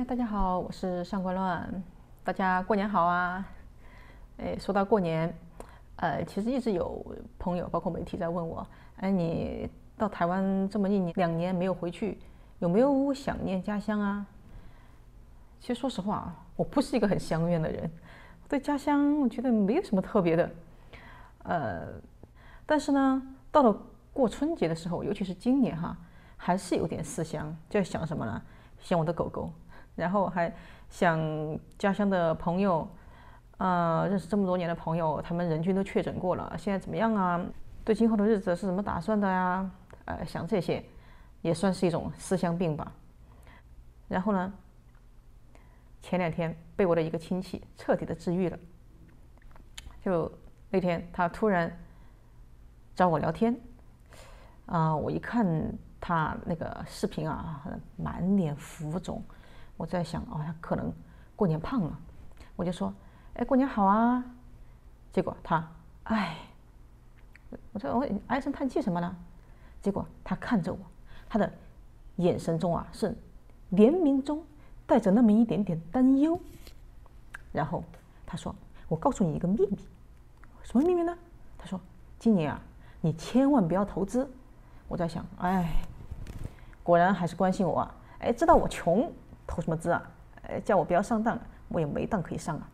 哎，大家好，我是上官亂，大家過年好啊！哎，說到過年，呃，其實一直有朋友，包括媒體在問我，哎，你到台灣這麼一年兩年沒有回去，有沒有想念家鄉啊？其實說實話，我不是一個很鄉願的人，對家鄉我覺得沒有什麼特別的，呃，但是呢，到了過春節的時候，尤其是今年哈，還是有點思鄉，就在想什麼呢？想我的狗狗。然後還想家鄉的朋友，呃，認識這麼多年的朋友，他們人均都確診過了，現在怎麼樣啊？對今後的日子是怎麼打算的呀，啊？呃，想這些，也算是一種思鄉病吧。然後呢，前兩天被我的一個親戚徹底的治癒了。就那天他突然找我聊天，啊，呃，我一看他那個視頻啊，滿臉浮腫。我在想，哦，他可能過年胖了，我就說，哎，過年好啊。結果他，哎，我說我唉聲嘆氣什麼呢？結果他看着我，他的眼神中啊是憐憫中帶着那麼一點點擔憂。然後他說：“我告訴你一個秘密，什麼秘密呢？”他說：“今年啊，你千萬不要投資。”我在想，哎，果然還是關心我啊，哎，知道我窮。投什麼資啊？呃，叫我不要上當，我也沒當可以上啊。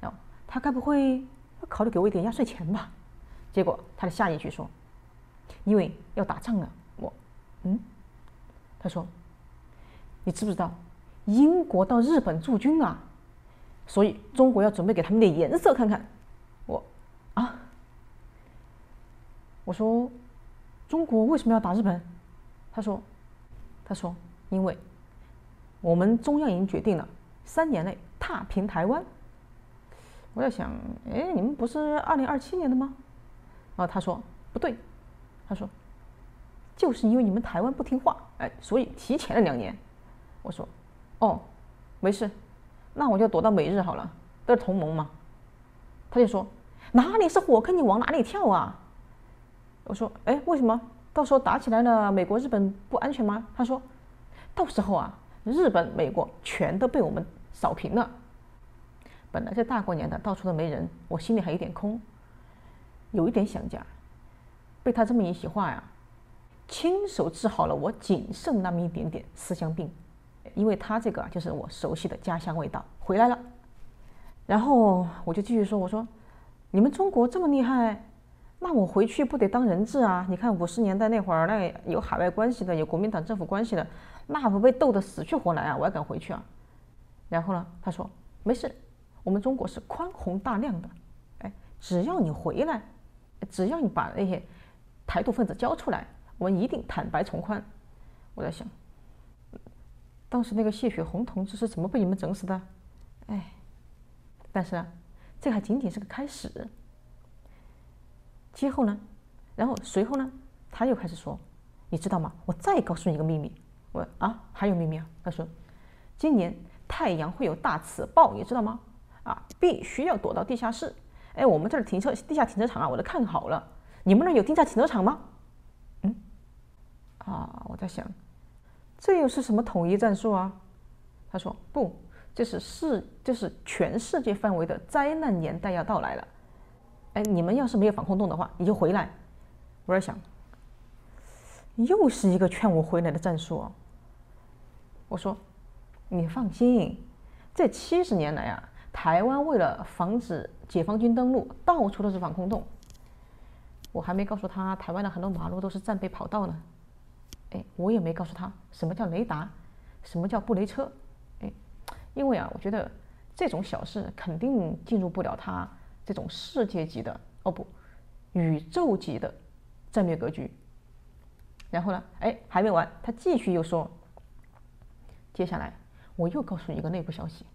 然後他該不會要考慮給我一點壓歲錢吧？結果他的下一句說：“因為要打仗了啊。”我，嗯，他說：“你知不知道英國到日本駐軍啊？所以中國要準備給他們點顏色看看。”我，啊，我說中國為什麼要打日本？他說，他說因為。我們中央已經決定了，三年內踏平台灣。我在想，哎，你們不是二零二七年的嗎？然後他說不對，他說就是因為你們台灣不聽話，哎，所以提前了兩年。我說哦，沒事，那我就躲到美日好了，都是同盟嘛。他就說哪裡是火坑，你往哪裡跳啊？我說哎，為什麼到時候打起來了，美國日本不安全嗎？他說到時候啊。日本、美國全都被我們掃平了。本來這大過年的，到處都沒人，我心裡還有一點空，有一點想家。被他這麼一席話呀，親手治好了我僅剩那麼一點點思鄉病，因為他這個啊，就是我熟悉的家鄉味道，回來了。然後我就繼續說：“我說，你們中國這麼厲害，那我回去不得當人質啊？你看五十年代那會兒，那有海外關係的，有國民黨政府關係的。”那不被逗得死去活來啊！我還敢回去啊！然後呢，他說：“沒事，我們中國是寬宏大量的，哎，只要你回來，只要你把那些台獨分子交出來，我們一定坦白從寬。”我在想，當時那個謝雪紅同志是怎麼被你們整死的？哎，但是啊，這還僅僅是個開始。今後呢？然後隨後呢？他又開始說：“你知道嗎？我再告訴你一個秘密。”我啊，還有秘密啊？他說，今年太陽會有大磁暴，你知道嗎？啊，必須要躲到地下室。哎，我們這兒停車，地下停車場啊，我都看好了。你們那有地下停車場嗎？嗯，啊，我在想，這又是什麼統一戰術啊？他說不，這是世，這是全世界範圍的災難年代要到來了。哎，你們要是沒有防空洞的話，你就回來。我在想，又是一個勸我回來的戰術。我說：“你放心，這七十年來啊，台灣為了防止解放軍登陸，到處都是防空洞。我還沒告訴他，台灣的很多馬路都是戰備跑道呢。哎，我也沒告訴他什麼叫雷達，什麼叫布雷車。哎，因為啊，我覺得這種小事肯定進入不了他這種世界級的，哦不，宇宙級的戰略格局。”然後呢，哎，還沒完，他繼續又說。接下來，我又告訴你一個內部消息，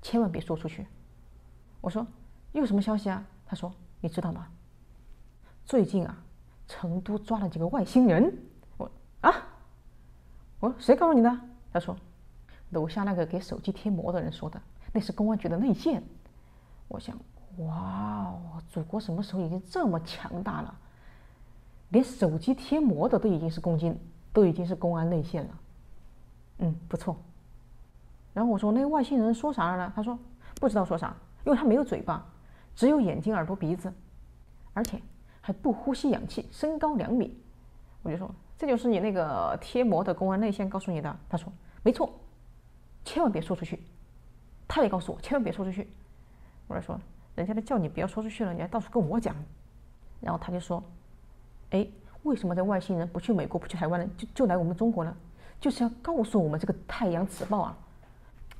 千萬別說出去。我說，又什麼消息啊？他說，你知道嗎？最近啊，成都抓了幾個外星人。我啊，我說誰告訴你的？他說，樓下那個給手機貼膜的人說的，那是公安局的內線。我想，哇，哦，祖國什麼時候已經這麼強大了？連手機貼膜的都已經是公斤，都已經是公安內線了。嗯，不錯。然後我說：“那個外星人說啥了呢？”他說：“不知道說啥，因為他沒有嘴巴，只有眼睛、耳朵、鼻子，而且還不呼吸氧氣，身高兩米。”我就說：“這就是你那個貼膜的公安內線告訴你的？”他說：“沒錯，千萬別說出去。”他也告訴我：“千萬別說出去。”我就說：“人家都叫你不要說出去了，你還到處跟我講。”然後他就說。哎，為什麼這外星人不去美國，不去台灣呢？就就來我們中國呢？就是要告訴我們這個太陽磁暴啊！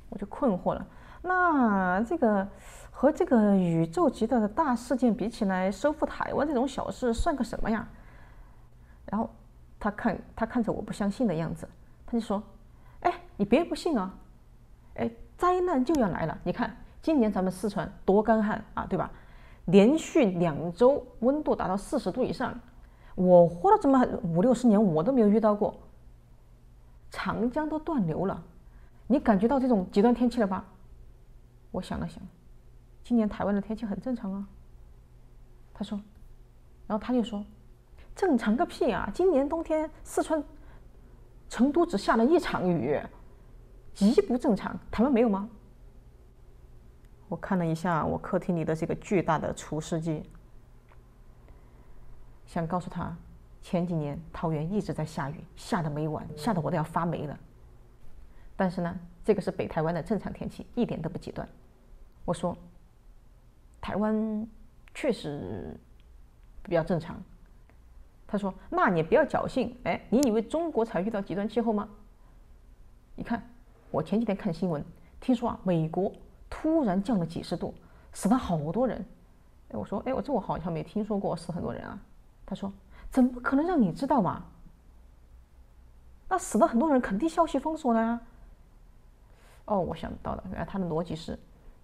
我就困惑了。那這個和這個宇宙級的大事件比起來，收復台灣這種小事算個什麼呀？然後他看他看着我不相信的樣子，他就說：“哎，你別不信啊！哎，災難就要來了。你看今年咱們四川多乾旱啊，對吧？連續兩周溫度達到四十度以上。”我活了這麼五六十年，我都沒有遇到過長江都斷流了，你感覺到這種極端天氣了吧？我想了想，今年台灣的天氣很正常啊。他說，然後他就說，正常個屁啊！今年冬天四川成都只下了一場雨，極不正常。台灣沒有嗎？我看了一下我客廳裡的這個巨大的除濕機。想告訴他，前幾年桃園一直在下雨，下得沒完，下得我都要發霉了。但是呢，這個是北台灣的正常天氣，一點都不極端。我說，台灣確實比較正常。他說：“那你不要僥幸，哎，你以為中國才遇到極端氣候嗎？你看，我前幾天看新聞，聽說啊，美國突然降了幾十度，死了好多人。哎，我說，哎，我這我好像沒聽說過死很多人啊。”他說：“怎麼可能讓你知道嘛？那死了很多人，肯定消息封鎖啦。”哦，我想到了，原來他的邏輯是：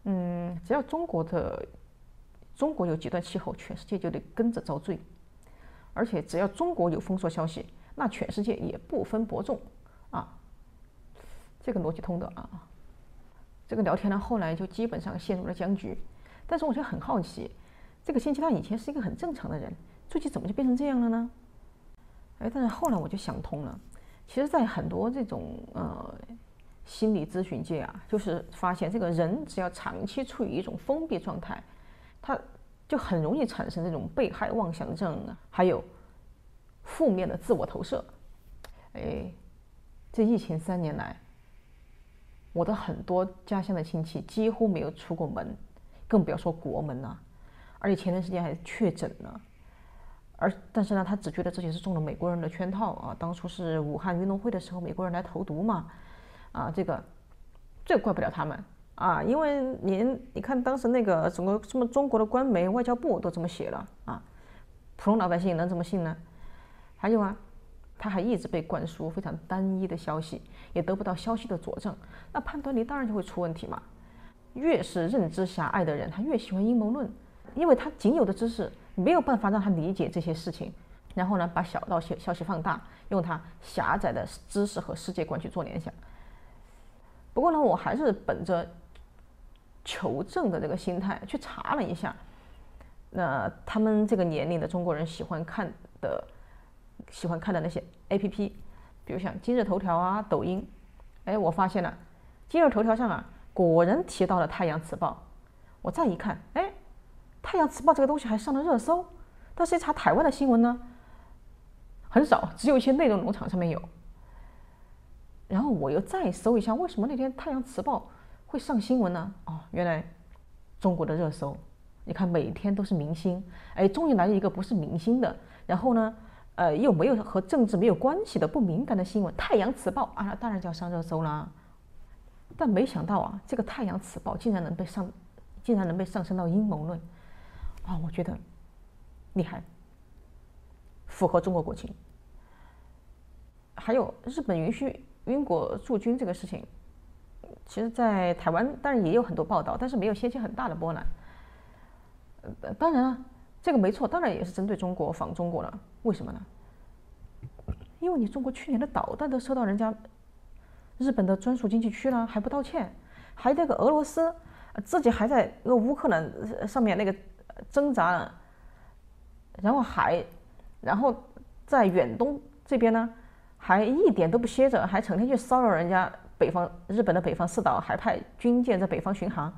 嗯，只要中國的中國有極端氣候，全世界就得跟着遭罪；而且只要中國有封鎖消息，那全世界也不分伯仲啊。這個邏輯通的啊。這個聊天呢，後來就基本上陷入了僵局。但是我就很好奇，這個星期他以前是一個很正常的人。最近怎麼就變成這樣了呢？哎，但是後來我就想通了，其實，在很多這種呃心理諮詢界啊，就是發現這個人只要長期處於一種封閉狀態，他就很容易產生這種被害妄想症啊，還有負面的自我投射。哎，這疫情三年來，我的很多家鄉的親戚幾乎沒有出過門，更不要說國門了啊，而且前段時間還確診了。而但是呢，他只覺得自己是中了美國人的圈套啊！當初是武漢運動會的時候，美國人來投毒嘛，啊，這個，這怪不了他們啊！因為連你看當時那個什麼什麼中國的官媒、外交部都這麼寫了啊，普通老百姓能怎麼信呢？還有啊，他還一直被灌輸非常單一的消息，也得不到消息的佐證，那判斷力當然就會出問題嘛。越是認知狹隘的人，他越喜歡陰謀論，因為他僅有的知識，沒有辦法讓他理解這些事情，然後呢，把小道消消息放大，用他狹窄的知識和世界觀去做聯想。不過呢，我還是本着求證的這個心態去查了一下，那、呃、他們這個年齡的中國人喜歡看的、喜歡看的那些 APP，比如像今日頭條啊、抖音，哎，我發現了今日頭條上啊，果然提到了太陽磁暴。我再一看，哎。太陽磁暴這個東西還上了熱搜，但是一查台灣的新聞呢，很少，只有一些內容農場上面有。然後我又再搜一下，為什麼那天太陽磁暴會上新聞呢？哦，原來中國的熱搜，你看每天都是明星，哎，終於來了一個不是明星的，然後呢，呃，又沒有和政治沒有關係的不敏感的新聞，太陽磁暴啊，當然就要上熱搜啦。但沒想到啊，這個太陽磁暴竟然能被上，竟然能被上升到陰謀論。啊、哦，我覺得厲害，符合中國國情。還有日本允許英國駐軍這個事情，其實，在台灣當然也有很多報道，但是沒有掀起很大的波瀾。呃，當然了，這個沒錯，當然也是針對中國防中國了。為什麼呢？因為你中國去年的導彈都射到人家日本的專屬經濟區了，還不道歉？還這那個俄羅斯，自己還在那個烏克蘭上面那個，掙扎了，然後還，然後在遠東這邊呢，還一點都不歇着，還成天去騷擾人家北方日本的北方四島，還派軍艦在北方巡航，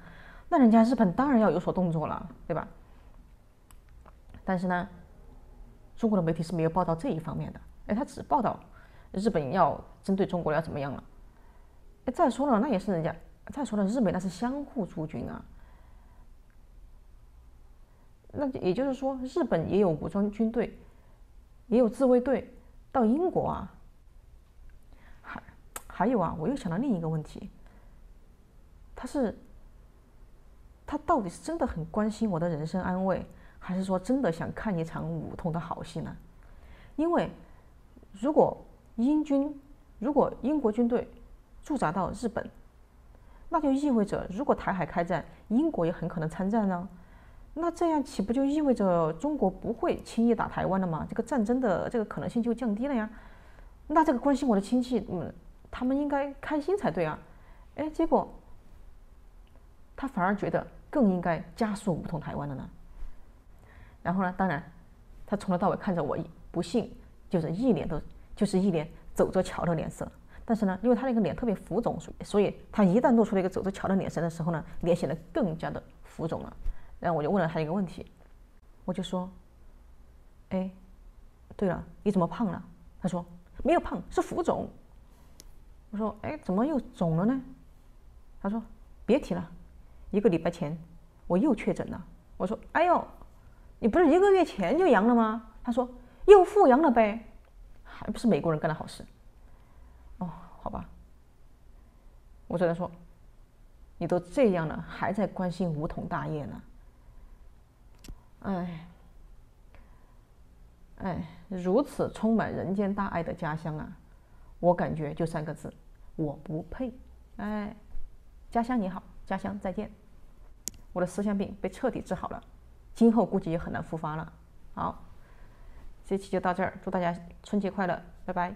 那人家日本當然要有所動作了，對吧？但是呢，中國的媒體是沒有報道這一方面的，哎，他只報道日本要針對中國要怎麼樣了。哎，再說了，那也是人家，再說了，日本那是相互駐軍啊。那也就是說，日本也有武裝軍隊，也有自衛隊。到英國啊，還還有啊，我又想到另一個問題。他是他到底是真的很關心我的人身安危，還是說真的想看一場武統的好戲呢？因為如果英軍，如果英國軍隊駐紮到日本，那就意味着，如果台海開戰，英國也很可能參戰呢。那這樣豈不就意味着中國不會輕易打台灣了嗎？這個戰爭的這個可能性就降低了呀。那這個關心我的親戚，嗯，他們應該開心才對啊。哎，結果他反而覺得更應該加速武統台灣了呢。然後呢，當然，他從頭到尾看着我，不信，就是一臉的，就是一臉走着瞧的臉色。但是呢，因為他那個臉特別浮腫，所以他一旦露出了一個走着瞧的臉色的時候呢，臉顯得更加的浮腫了。然後我就問了他一個問題，我就說：“哎，對了，你怎麼胖了？”他說：“沒有胖，是浮腫。”我說：“哎，怎麼又腫了呢？”他說：“別提了，一個禮拜前我又確診了。”我說：“哎呦，你不是一個月前就陽了嗎？”他說：“又復陽了唄，還不是美國人幹的好事。”哦，好吧，我只能說，你都這樣了，還在關心梧桐大業呢。哎，哎，如此充滿人間大愛的家鄉啊，我感覺就三個字，我不配。哎，家鄉你好，家鄉再見。我的思鄉病被徹底治好了，今後估計也很難復發了。好，這期就到這兒，祝大家春節快樂，拜拜。